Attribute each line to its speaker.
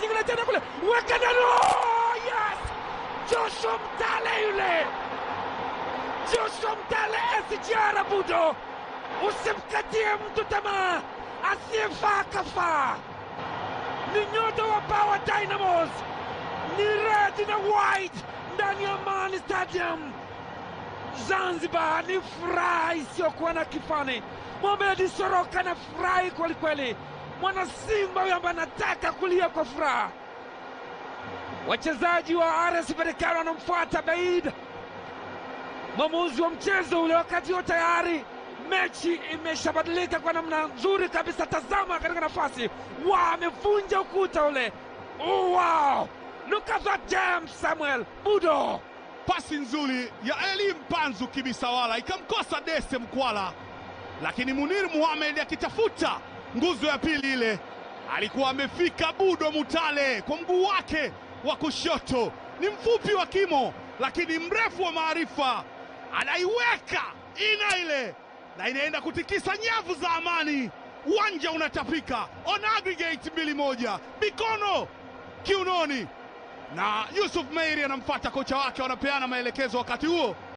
Speaker 1: We Napoli. Wakadano! Oh, yes! Joshua Mtale yule. Joshua Mtale to budo. Usimkatie mtu tamaa asiyefaa kafaa. Ni nyota wa Power Dynamos, ni red na white ndani ya Amani Stadium. Zanzibar ni furaha isiyokuwa na kifani. Mohamed Soroka na furahi kwelikweli. mwana Simba huyo ambaye anataka kulia kwa furaha. Wachezaji wa RS Berkane wanamfuata Baid, mwamuzi wa mchezo ule. Wakati huo tayari mechi imeshabadilika kwa namna nzuri kabisa. Tazama katika nafasi, wa amevunja ukuta ule. Oh, wow! Look at that Samuel Budo.
Speaker 2: Pasi nzuri ya Eli Mpanzu Kibisawala ikamkosa Dese Mkwala, lakini Munir Muhamed akitafuta nguzo ya pili ile, alikuwa amefika Budo Mutale kwa mguu wake wa kushoto. Ni mfupi wa kimo, lakini mrefu wa maarifa. Anaiweka ina ile na inaenda kutikisa nyavu za Amani. Uwanja unatapika on aggregate mbili moja, mikono kiunoni, na Yusuf Meiri anamfuata kocha wake, wanapeana maelekezo wakati huo.